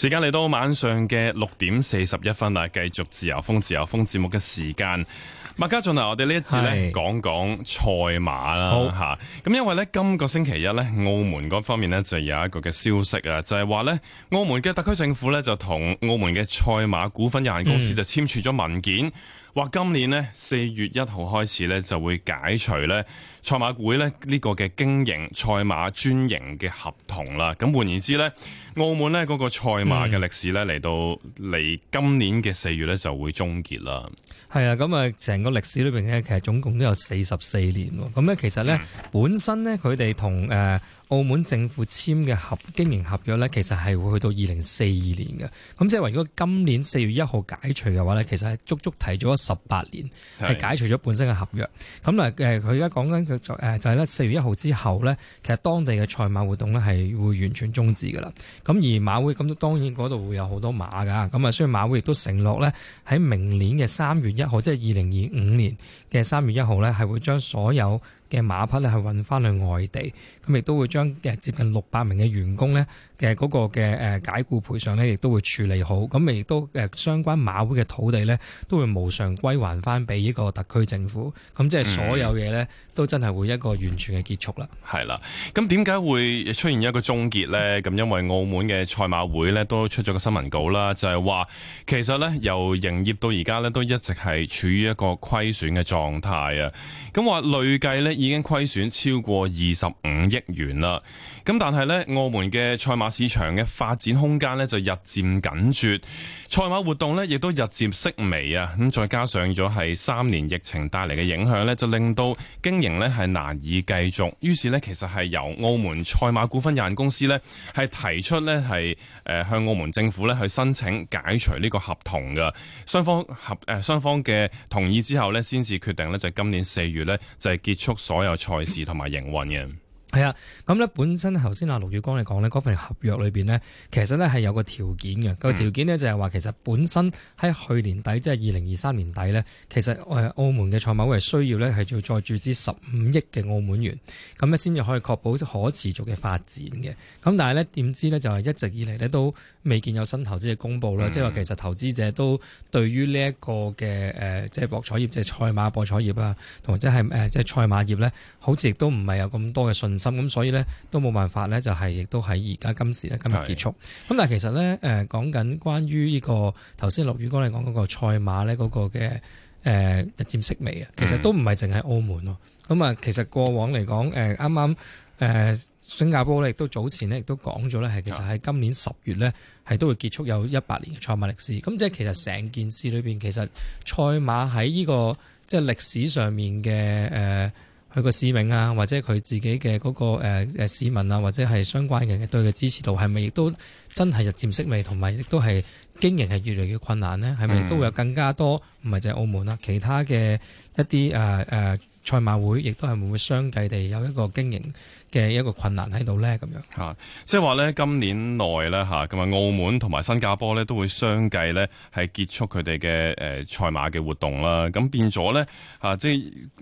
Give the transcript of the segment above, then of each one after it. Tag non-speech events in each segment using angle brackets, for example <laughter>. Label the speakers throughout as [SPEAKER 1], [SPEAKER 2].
[SPEAKER 1] 時間嚟到晚上嘅六點四十一分啦，繼續自由風自由風節目嘅時間。麥家俊啊，我哋呢一節咧講講賽馬啦吓，咁好因為咧今個星期一咧，澳門嗰方面咧就有一個嘅消息啊，就係話咧澳門嘅特區政府咧就同澳門嘅賽馬股份有限公司就簽署咗文件。嗯話今年呢，四月一號開始呢，就會解除咧賽馬會咧呢個嘅經營賽馬專營嘅合同啦。咁換言之呢，澳門呢嗰個賽馬嘅歷史呢，嚟到嚟今年嘅四月呢，就會終結啦。
[SPEAKER 2] 係啊，咁啊，成個歷史裏邊呢，其實總共都有四十四年。咁咧，其實呢，本身呢，佢哋同誒澳門政府簽嘅合經營合約呢，其實係會去到二零四二年嘅。咁即係話如果今年四月一號解除嘅話呢，其實係足足提咗。十八年係解除咗本身嘅合約，咁啊誒佢而家講緊佢就誒就係咧四月一號之後咧，其實當地嘅賽馬活動咧係會完全中止噶啦。咁而馬會咁當然嗰度會有好多馬噶，咁啊所以馬會亦都承諾咧喺明年嘅三月一號，即係二零二五年嘅三月一號咧，係會將所有，嘅馬匹咧係運翻去外地，咁亦都會將嘅接近六百名嘅員工咧嘅嗰個嘅誒解僱賠償咧，亦都會處理好，咁亦都誒相關馬會嘅土地咧都會無償歸還翻俾呢個特區政府，咁即係所有嘢咧。都真係會一個完全嘅結束啦，
[SPEAKER 1] 係啦。咁點解會出現一個終結呢？咁因為澳門嘅賽馬會呢都出咗個新聞稿啦，就係話其實呢由營業到而家呢都一直係處於一個虧損嘅狀態啊。咁話累計呢已經虧損超過二十五億元啦。咁但係呢澳門嘅賽馬市場嘅發展空間呢，就日漸緊絀，賽馬活動呢，亦都日漸式微啊！咁再加上咗係三年疫情帶嚟嘅影響呢，就令到經營呢係難以繼續。於是呢，其實係由澳門賽馬股份有限公司呢，係提出呢係誒、呃、向澳門政府呢去申請解除呢個合同嘅，雙方合誒、呃、雙方嘅同意之後呢，先至決定呢，就今年四月呢，就係結束所有賽事同埋營運嘅。
[SPEAKER 2] 係啊，咁咧本身頭先阿盧宇光嚟講呢，嗰份合約裏邊呢，其實呢係有個條件嘅。個條件呢就係話，其實本身喺去年底，即係二零二三年底呢，其實澳門嘅賽馬會係需要呢係要再注資十五億嘅澳門元，咁呢先至可以確保可持續嘅發展嘅。咁但係呢點知呢，就係一直以嚟呢都未見有新投資嘅公布啦，嗯、即係話其實投資者都對於呢一個嘅誒，即係博彩業即係賽馬博彩業啊，同或者係即係即係賽馬業呢好似亦都唔係有咁多嘅信。咁，所以咧都冇辦法咧，就係亦都喺而家今時咧今日結束。咁是的 但係其實咧，誒講緊關於呢、這個頭先陸宇哥嚟講嗰個賽馬咧嗰個嘅誒日漸式微啊，其實都唔係淨係澳門喎。咁啊，其實過往嚟講，誒啱啱誒新加坡咧亦都早前咧亦都講咗咧，係其實喺今年十月咧係都會結束有一百年嘅賽馬歷史。咁即係其實成件事裏面，其實賽馬喺呢、這個即係歷史上面嘅誒。呃佢個市民啊，或者佢自己嘅嗰、那個、呃、市民啊，或者係相關人嘅對佢支持度，係咪亦都真係日漸式微，同埋亦都係經營係越嚟越困難呢？係咪、嗯、都會有更加多唔係就係澳門啦、啊，其他嘅一啲誒誒賽馬會，亦都係會唔會相繼地有一個經營？嘅一個困難喺度咧，咁樣嚇，
[SPEAKER 1] 即係話咧，今年內咧嚇，咁啊，澳門同埋新加坡咧都會相繼咧係結束佢哋嘅誒賽馬嘅活動啦。咁變咗咧嚇，即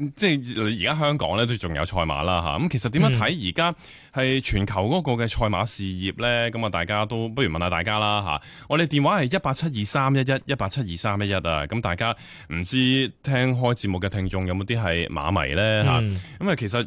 [SPEAKER 1] 係即係而家香港咧都仲有賽馬啦嚇。咁、啊、其實點樣睇而家係全球嗰個嘅賽馬事業咧？咁啊，大家都不如問下大家啦嚇。我哋電話係一八七二三一一一八七二三一一啊。咁大家唔知聽開節目嘅聽眾有冇啲係馬迷咧嚇？因為、嗯啊、其實。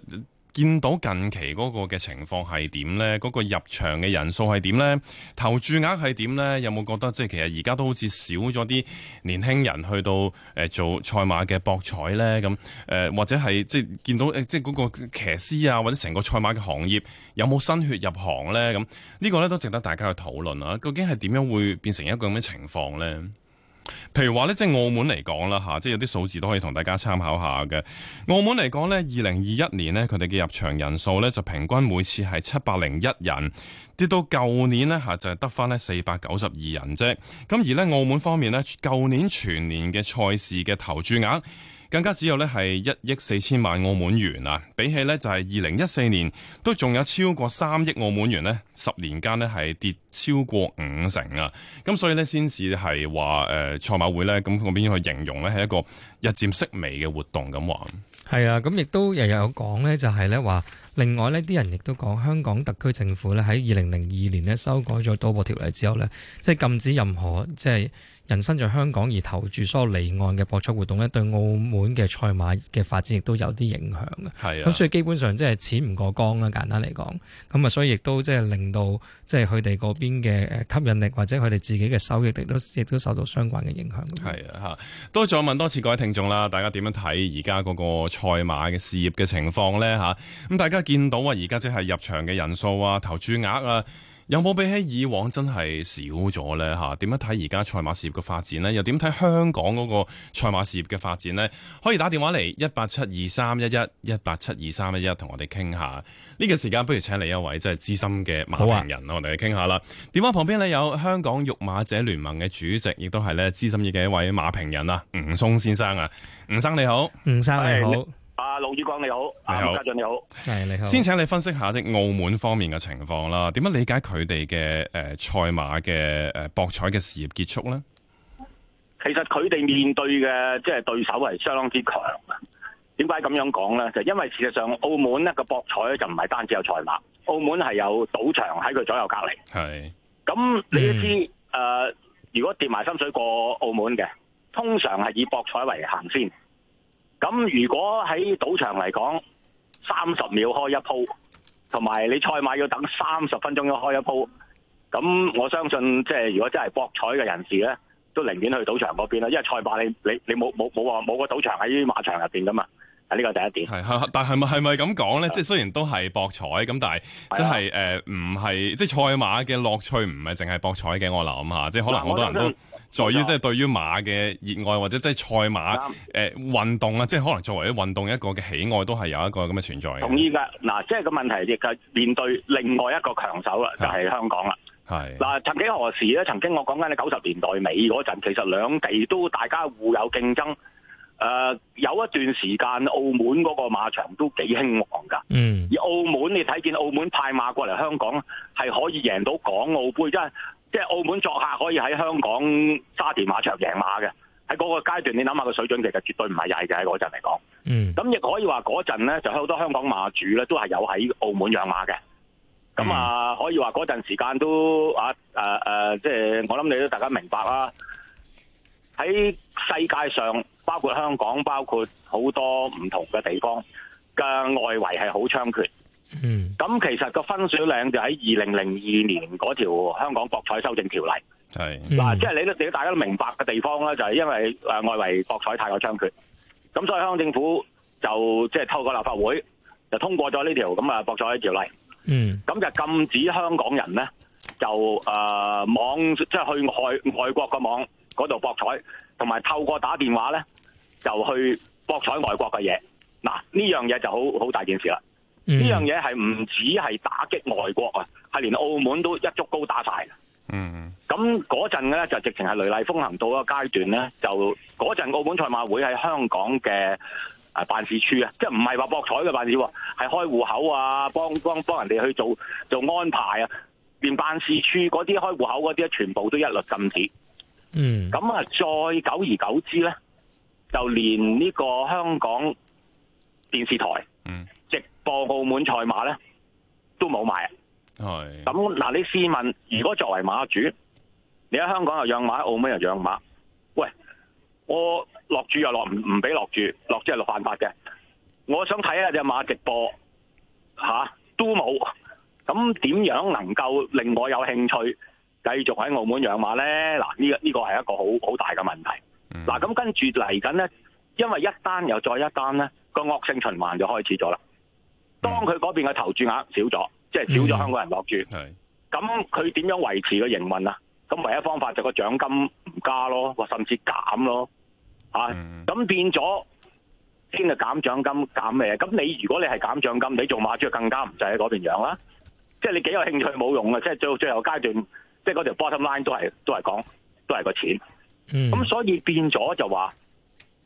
[SPEAKER 1] 見到近期嗰個嘅情況係點呢？嗰、嗰個入場嘅人數係點呢？投注額係點呢？有冇覺得即係其實而家都好似少咗啲年輕人去到、呃、做賽馬嘅博彩呢？咁、呃、或者係即係見到即係嗰個騎師啊，或者成個賽馬嘅行業有冇新血入行呢？咁呢、呢個呢都值得大家去討論啊！究竟係點樣會變成一個咁嘅情況呢？譬如話咧，即係澳門嚟講啦吓，即係有啲數字都可以同大家參考下嘅。澳門嚟講呢，二零二一年呢，佢哋嘅入場人數呢，就平均每次係七百零一人，跌到舊年呢，吓就係得翻咧四百九十二人啫。咁而呢，澳門方面呢，舊年全年嘅賽事嘅投注額。更加只有咧係一億四千萬澳門元啊！比起咧就係二零一四年都仲有超過三億澳門元咧，十年間咧係跌超過五成啊！咁所以呢，先至係話誒賽馬會呢，咁我邊去形容呢，係一個日漸式微嘅活動咁話。
[SPEAKER 2] 係啊！咁亦都日日有講呢，就係呢話另外呢啲人亦都講香港特區政府呢，喺二零零二年咧修改咗賭博條例之後呢，即、就、係、是、禁止任何即係，就是人身在香港而投注所有離岸嘅博彩活動咧，對澳門嘅賽馬嘅發展亦都有啲影響嘅。係啊，咁所以基本上即係錢唔過江啊，簡單嚟講，咁啊，所以亦都即係令到即係佢哋嗰邊嘅吸引力或者佢哋自己嘅收益力都亦都受到相關嘅影響。係啊，
[SPEAKER 1] 嚇，都再問多次各位聽眾啦，大家點樣睇而家嗰個賽馬嘅事業嘅情況呢？嚇，咁大家見到啊，而家即係入場嘅人數啊，投注額啊。有冇比起以往真係少咗呢？嚇，點樣睇而家賽馬事業嘅發展呢？又點睇香港嗰個賽馬事業嘅發展呢？可以打電話嚟一八七二三一一一八七二三一一，同我哋傾下。呢、這個時間不如請嚟一位即係資深嘅馬評人、啊、我哋去傾下啦。電話旁邊咧有香港育馬者聯盟嘅主席，亦都係呢資深嘅一位馬評人啊，吳嵩先生啊，吳生你好，吳生你、嗯、好。你
[SPEAKER 3] 盧志光你好，阿家俊你好，係你
[SPEAKER 1] 好。先請你分析下即，澳門方面嘅情況啦，點樣理解佢哋嘅誒賽馬嘅誒博彩嘅事業結束咧？
[SPEAKER 3] 其實佢哋面對嘅即係對手係相當之強嘅。點解咁樣講咧？就因為事實上澳門咧個博彩就唔係單止有賽馬，澳門係有賭場喺佢左右隔離。係咁是，你都知誒、嗯呃，如果跌埋深水過澳門嘅，通常係以博彩為行先。咁如果喺賭場嚟講，三十秒開一鋪，同埋你賽馬要等三十分鐘要開一鋪，咁我相信即係如果真係博彩嘅人士咧，都寧願去賭場嗰邊啦，因為賽馬你你你冇冇冇話冇個賭場喺馬場入邊噶嘛，係呢個第一
[SPEAKER 1] 點。係係，但係係咪咁講咧？即係雖然都係博彩咁，但係即係誒唔係，即係賽馬嘅樂趣唔係淨係博彩嘅，我諗吓，即係可能好多人都。在於即係對於馬嘅熱愛，或者即係賽馬誒運動啊，即係的可能作為運動一個嘅喜愛，都係有一個咁嘅存在嘅。
[SPEAKER 3] 同意噶，嗱，即係個問題亦係面對另外一個強手啦，是的就係香港啦。係嗱的，曾經何時咧？曾經我講緊咧九十年代尾嗰陣，其實兩地都大家互有競爭。誒、呃，有一段時間澳門嗰個馬場都幾興旺噶。嗯。而澳門你睇見澳門派馬過嚟香港，係可以贏到港澳杯，即係。即係澳門作客可以喺香港沙田馬場贏馬嘅，喺嗰個階段你諗下個水準其實絕對唔係曳嘅喺嗰陣嚟講。咁亦、mm. 可以話嗰陣咧，就好多香港馬主咧都係有喺澳門養馬嘅。咁啊，可以話嗰陣時間都啊誒誒，即、啊、係、啊就是、我諗你都大家明白啦。喺世界上，包括香港，包括好多唔同嘅地方嘅外圍係好猖獗。嗯，咁其實個分水嶺就喺二零零二年嗰條香港博彩修正條例，係嗱，嗯、即係你你大家都明白嘅地方咧，就係因為誒外圍博彩太過猖獗，咁所以香港政府就即係透過立法會就通過咗呢條咁啊博彩條例，嗯，咁就禁止香港人咧就誒、呃、網即係去外外國嘅網嗰度博彩，同埋透過打電話咧就去博彩外國嘅嘢，嗱呢樣嘢就好好大件事啦。呢、嗯、樣嘢係唔止係打擊外國啊，係連澳門都一足高打晒。嗯，咁嗰陣咧就直情係雷厲風行到一個階段咧，就嗰陣澳門賽馬會喺香港嘅、誒辦事處啊，即係唔係話博彩嘅辦事處，係開戶口啊，幫幫幫人哋去做做安排啊，連辦事處嗰啲開戶口嗰啲，全部都一律禁止。嗯，咁啊，再久而久之咧，就連呢個香港電視台，嗯。播澳門賽馬咧，都冇買啊！咁嗱係，你試問，如果作為馬主，你喺香港又養馬，澳門又養馬，喂，我落注又落唔唔俾落注，落即係犯法嘅。我想睇下隻馬直播，吓、啊、都冇。咁點樣能夠令我有興趣繼續喺澳門養馬咧？嗱，呢個呢個係一個好好大嘅問題。嗱、嗯，咁跟住嚟緊咧，因為一單又再一單咧，個惡性循環就開始咗啦。當佢嗰邊嘅投注額少咗，即係少咗香港人落注，咁佢點樣維持個營運啊？咁唯一方法就個獎金唔加咯，甚至減咯，啊，咁變咗先係減獎金減咩？咁你如果你係減獎金，你做馬主更加唔使喺嗰邊養啦，即係你幾有興趣冇用嘅，即係最最後階段，即係嗰條 bottom line 都係都係講都係個錢，咁、嗯、所以變咗就話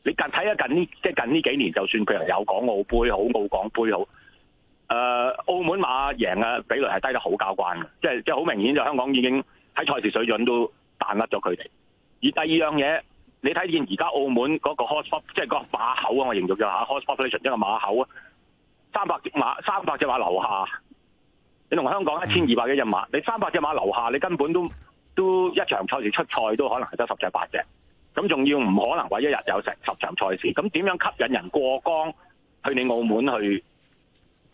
[SPEAKER 3] 你一近睇下近呢即係近呢幾年，就算譬如有港澳杯好，澳港杯好。誒，uh, 澳門馬贏嘅比率係低得好交關嘅，即係即係好明顯就香港已經喺賽事水準都彈甩咗佢哋。而第二樣嘢，你睇見而家澳門嗰個 horse pop，即係個馬口啊，我形容咗下 horse population，一個馬口啊，三百隻馬，三百隻馬樓下，你同香港一千二百幾隻馬，你三百隻馬樓下，你根本都都一場賽事出賽都可能係得十隻八隻，咁仲要唔可能話一日有成十場賽事，咁點樣吸引人過江去你澳門去？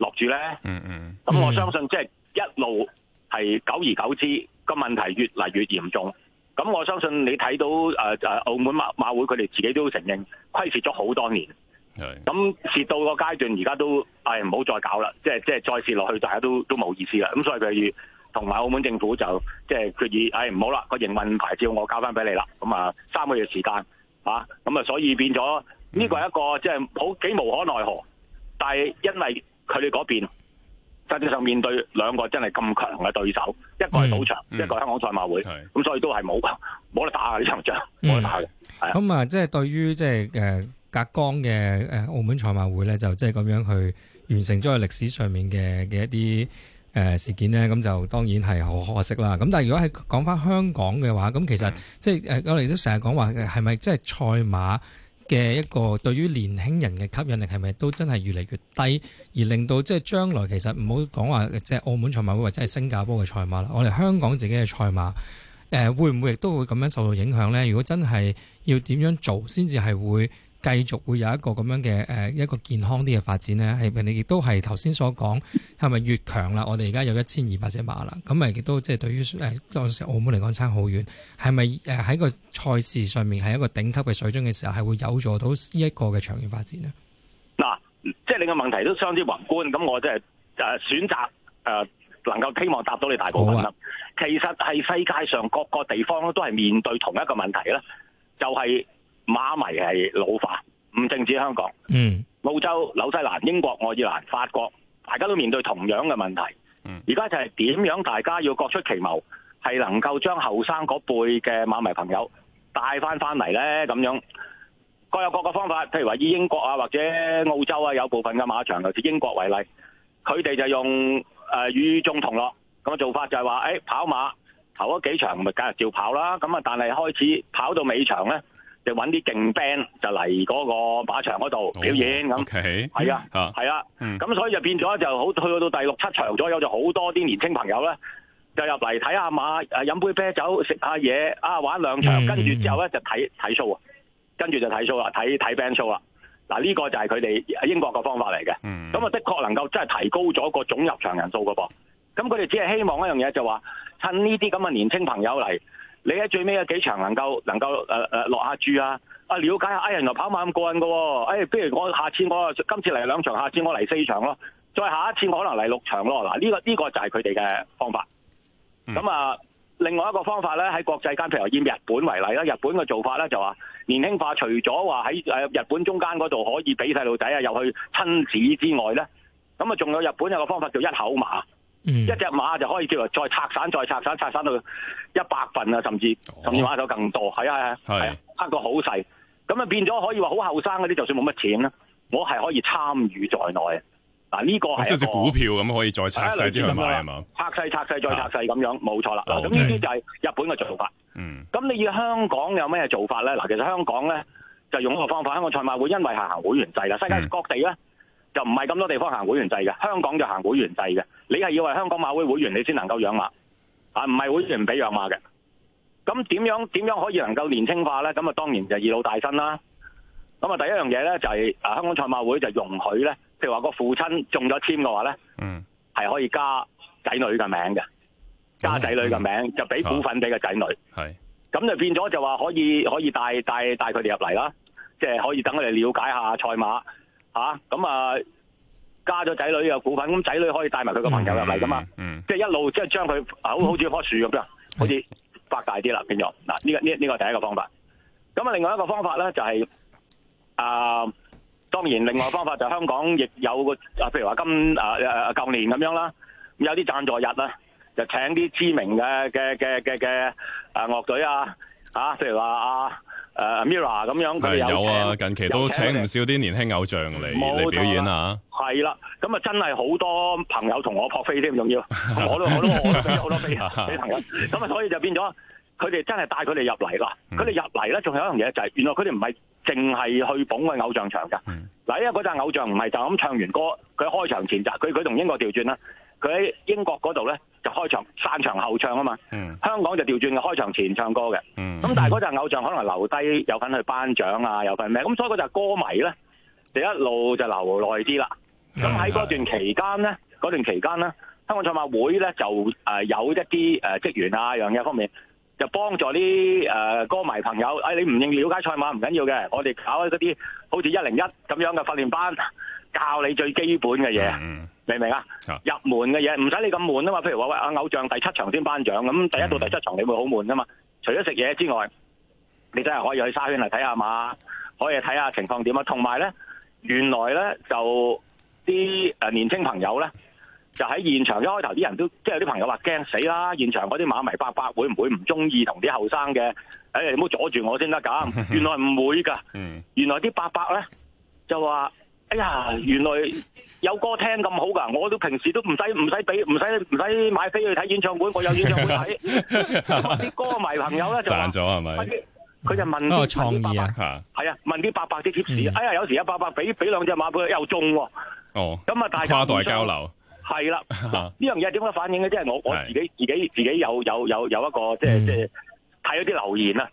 [SPEAKER 3] 落住咧，咁、嗯嗯、我相信即係一路係久而久之個問題越嚟越嚴重。咁我相信你睇到誒、呃、澳門馬馬會佢哋自己都承認虧蝕咗好多年。咁蝕的到個階段，而家都誒唔好再搞啦，即係即係再蝕落去，大家都都冇意思啦。咁所以譬如同埋澳門政府就即係決意，誒、哎、唔好啦，個營運牌照我交翻俾你啦。咁啊三個月時間，咁啊所以變咗呢個係一個、嗯、即係好幾無可奈何，但係因為。佢哋嗰邊實際上面對兩個真係咁強嘅對手，一個係賭場，嗯嗯、一個係香港賽馬會，咁對所以都係冇冇得打嘅呢場仗，冇、嗯、得
[SPEAKER 2] 打嘅。咁啊，即係對於即係誒隔江嘅誒、呃、澳門賽馬會咧，就即係咁樣去完成咗歷史上面嘅嘅一啲誒、呃、事件咧，咁就當然係好可惜啦。咁但係如果係講翻香港嘅話，咁其實、嗯、即係、呃、我哋都成日講話係咪即係賽馬，嘅一個對於年輕人嘅吸引力係咪都真係越嚟越低，而令到即係將來其實唔好講話即係澳門賽馬會或者係新加坡嘅賽馬啦，我哋香港自己嘅賽馬誒、呃、會唔會亦都會咁樣受到影響呢？如果真係要點樣做先至係會？繼續會有一個咁樣嘅誒、呃、一個健康啲嘅發展咧，係咪你亦都係頭先所講，係咪越強啦？我哋而家有一千二百隻馬啦，咁咪亦都即係對於誒、哎、當時澳門嚟講差好遠，係咪誒喺個賽事上面係一個頂級嘅水準嘅時候，係會有助到呢一個嘅長遠發展呢？
[SPEAKER 3] 嗱，即係你嘅問題都相之宏觀，咁我即係誒選擇誒、啊、能夠希望答到你大部分啦。說其實係世界上各個地方咧都係面對同一個問題咧，就係、是。馬迷係老化，唔淨止香港、澳洲、紐西蘭、英國、愛爾蘭、法國，大家都面對同樣嘅問題。而家就係點樣大家要各出奇謀，係能夠將後生嗰輩嘅馬迷朋友帶翻翻嚟呢？咁樣各有各嘅方法，譬如話以英國啊或者澳洲啊有部分嘅馬場，就以英國為例，佢哋就用誒、呃、與眾同樂咁嘅做法就，就係話誒跑馬頭咗幾場，咪繼續照跑啦。咁啊，但係開始跑到尾場呢。就揾啲勁 band 就嚟嗰個馬場嗰度表演咁，係、oh, okay. 啊，係、嗯、啦，咁所以就變咗就好，去到第六七場左右就好多啲年青朋友咧，就入嚟睇下馬，誒飲杯啤酒，食下嘢，啊玩兩場，嗯、跟住之後咧就睇睇 show 啊，跟住就睇 show 啦，睇睇 band show 啦，嗱呢個就係佢哋英國嘅方法嚟嘅，咁啊、嗯、的確能夠真係提高咗個總入場人數嘅噃，咁佢哋只係希望一樣嘢就話趁呢啲咁嘅年青朋友嚟。你喺最尾有幾場能夠能夠誒落下注啊？啊，了解下啊，原來跑馬咁過癮嘅、啊，誒、哎，不如我下次我今次嚟兩場，下次我嚟四場咯，再下一次我可能嚟六場咯。嗱、這個，呢個呢個就係佢哋嘅方法。咁、嗯、啊，另外一個方法咧，喺國際間，譬如以日本為例啦，日本嘅做法咧就話年輕化，除咗話喺日本中間嗰度可以俾細路仔啊入去親子之外咧，咁啊仲有日本有個方法叫一口馬。嗯、一隻馬就可以叫做再拆散、再拆散、拆散到一百份啊，甚至、哦、甚至買到更多，係啊係啊，拍個好細，咁啊變咗可以話好後生嗰啲，就算冇乜錢啦。我係可以參與在內啊！嗱、這個，呢個係即係股
[SPEAKER 1] 票咁可以再拆細啲去買係嘛？
[SPEAKER 3] 拆細、拆細、再拆細咁、啊、樣，冇錯啦！嗱，咁呢啲就係日本嘅做法。嗯。咁你要香港有咩做法咧？嗱，其實香港咧就用一個方法，香港賽馬會因為行行會員制世界各地咧。嗯就唔係咁多地方行會員制嘅，香港就行會員制嘅。你係要係香港馬會會員，你先能夠養馬啊！唔係會員唔俾養馬嘅。咁點樣點樣可以能夠年輕化咧？咁啊，當然就易老帶新啦。咁啊，第一樣嘢咧就係、啊、香港賽馬會就容許咧，譬如話個父親中咗籤嘅話咧，嗯，係可以加仔女嘅名嘅，嗯、加仔女嘅名、嗯、就俾股份俾個仔女。咁、啊、就變咗就話可以可以帶帶帶佢哋入嚟啦，即、就、係、是、可以等佢哋了解下賽馬。吓，咁啊，加咗仔女嘅股份，咁仔女可以帶埋佢個朋友入嚟噶嘛？嗯即係、嗯、一路即係將佢好好似樖樹咁樣好似發大啲啦變咗。嗱、啊、呢、這個呢呢、這個第一個方法。咁啊另外一個方法咧就係、是、啊，當然另外一個方法就是啊一個方法就是、香港亦有個啊，譬如話今啊舊、啊、年咁樣啦，有啲贊助日啊，就請啲知名嘅嘅嘅嘅嘅啊樂隊啊啊，譬如話啊！啊誒、uh，Mirror 咁樣佢是有，有啊，近期都請唔
[SPEAKER 1] 少啲年輕偶像嚟嚟、okay、表演啊，
[SPEAKER 3] 係啦，咁啊真係好多朋友同我撲飛添，仲要， <laughs> 我都我都我都飛，我都飛，啲朋友，咁啊 <laughs> 所以就變咗，佢哋真係帶佢哋入嚟啦，佢哋入嚟咧，仲有一樣嘢就係、是，原來佢哋唔係淨係去捧嘅偶像場噶，嗱，因為嗰陣偶像唔係就咁唱完歌，佢開場前集，佢佢同英國調轉啦，佢喺英國嗰度咧。就開場散場後唱啊嘛，嗯、香港就調轉嘅開場前唱歌嘅，咁、嗯、但係嗰陣偶像可能留低有份去頒獎啊，有份咩咁，所以嗰陣歌迷咧，就一路就留耐啲啦。咁喺嗰段期間咧，嗰、嗯、段期間咧是的，香港賽馬會咧就、呃、有一啲誒、呃、職員啊樣嘢方面。就幫助啲誒、呃、歌迷朋友，哎、你唔認了解賽馬唔緊要嘅，我哋搞一嗰啲好似一零一咁樣嘅訓練班，教你最基本嘅嘢，明唔明啊？入門嘅嘢唔使你咁悶啊嘛，譬如話喂，啊偶像第七場先頒獎，咁第一到第七場你會好悶啊嘛，除咗食嘢之外，你真係可以去沙圈嚟睇下馬，可以睇下情況點啊，同埋咧原來咧就啲、呃、年輕朋友咧。就喺現場一開頭啲人都即係有啲朋友話驚死啦！現場嗰啲馬迷伯伯會唔會唔中意同啲後生嘅？誒、哎，你唔好阻住我先得㗎。原來唔會㗎，原來啲伯伯咧就話：哎呀，原來有歌聽咁好㗎！我都平時都唔使唔使俾，唔使唔使買飛去睇演唱會，我有演唱會睇。啲 <laughs> 歌迷朋友咧就，就問：佢就問啲
[SPEAKER 1] 伯伯。係啊，
[SPEAKER 3] 問啲伯伯啲貼士。哎呀，有時阿伯伯俾俾兩隻馬票又中喎、
[SPEAKER 1] 啊。哦，咁啊，大跨代交流。係啦，
[SPEAKER 3] 嗱呢樣嘢點解反映咧？即係我我自己自己自己有有有有一個即係即係睇咗啲留言啦，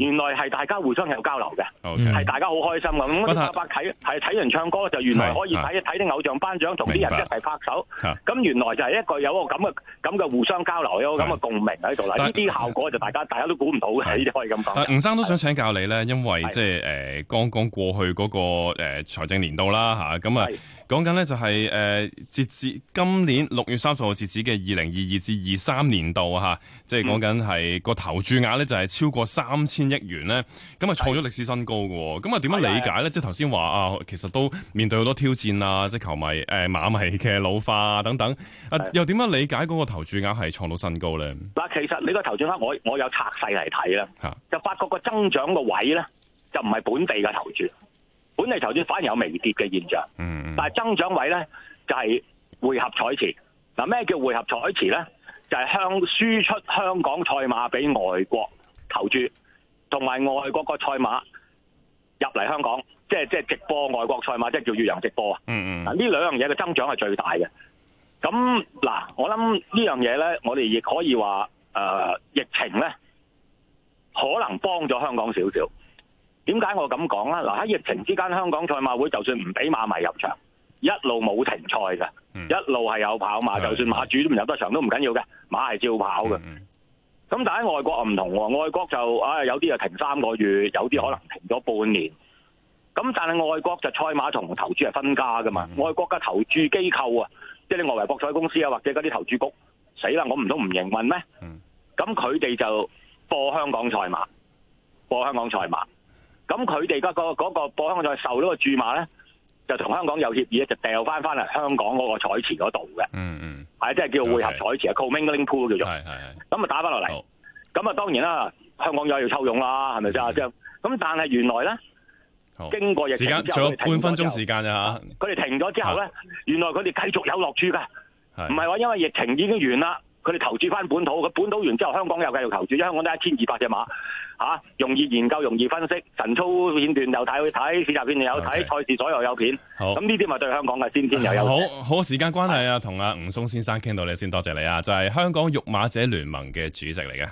[SPEAKER 3] 原來係大家互相有交流嘅，係大家好開心噶。咁阿伯睇係睇人唱歌就原來可以睇一睇啲偶像頒獎，同啲人一齊拍手。咁原來就係一個有個咁嘅咁嘅互相交流，有個咁嘅共鳴喺度啦。呢啲效果就大家大家都估唔到嘅，呢啲可以咁講。吳
[SPEAKER 1] 生都想請教你咧，因為即係誒剛剛過去嗰個誒財政年度啦吓，咁啊。講緊咧就係誒，截至今年六月三十號截止嘅二零二二至二三年度吓、啊，即係講緊係個投注額咧就係超過三千億元咧，咁啊創咗歷史新高喎。咁啊點樣理解咧？啊、即係頭先話啊，其實都面對好多挑戰啊，即係球迷誒、啊、馬迷嘅老化等等，啊、的又點樣理解嗰個投注額係創到新高咧？嗱，
[SPEAKER 3] 其實你個投注額我我有拆細嚟睇啦，吓，就發覺個增長個位咧就唔係本地嘅投注。本嚟投注反而有微跌嘅現象，但係增長位咧就係、是、匯合彩池。嗱咩叫匯合彩池咧？就係、是、向輸出香港賽馬俾外國投注，同埋外國個賽馬入嚟香港，即係即係直播外國賽馬，即係叫越洋直播啊！嗯嗯，呢兩樣嘢嘅增長係最大嘅。咁嗱，我諗呢樣嘢咧，我哋亦可以話誒、呃、疫情咧，可能幫咗香港少少。點解我咁講啦？嗱，喺疫情之間，香港賽馬會就算唔俾馬迷入場，一路冇停賽嘅，嗯、一路係有跑馬，嗯、就算馬主都唔入得場都唔緊要嘅，馬係照跑嘅。咁、嗯、但喺外國唔同，外國就啊有啲啊停三個月，有啲可能停咗半年。咁但係外國就賽馬同投注係分家噶嘛，嗯、外國嘅投注機構啊，即係你外圍博彩公司啊，或者嗰啲投注局死啦，我唔通唔營運咩？咁佢哋就播香港賽馬，播香港賽馬。咁佢哋嗰個嗰個博香港再受咗個注碼咧，就同香港有協議咧，就掉翻翻嚟香港嗰個彩池嗰度嘅。嗯嗯，係即係叫匯合彩池啊，commingling pool 叫做。係係。咁啊、嗯、打翻落嚟，咁啊好當然啦，香港又要抽用啦，係咪先啊？咁，嗯、但係原來咧，經過疫情之後，時半
[SPEAKER 1] 分鐘時間啊
[SPEAKER 3] 佢哋停咗之後咧、啊，原來佢哋繼續有落注嘅，唔係話因為疫情已經完啦，佢哋投注翻本土，佢本土完之後，香港又繼續投注，香港得一千二百隻馬。吓、啊，容易研究，容易分析，晨操片段又睇，去睇市集片段有睇，賽 Okay. 事左右有，有片，咁呢啲咪對香港嘅、啊、先天又有。好好，
[SPEAKER 1] 好時間關係啊，同阿吳嵩先生傾到你先多謝你啊，就係、是、香港育馬者聯盟嘅主席嚟嘅。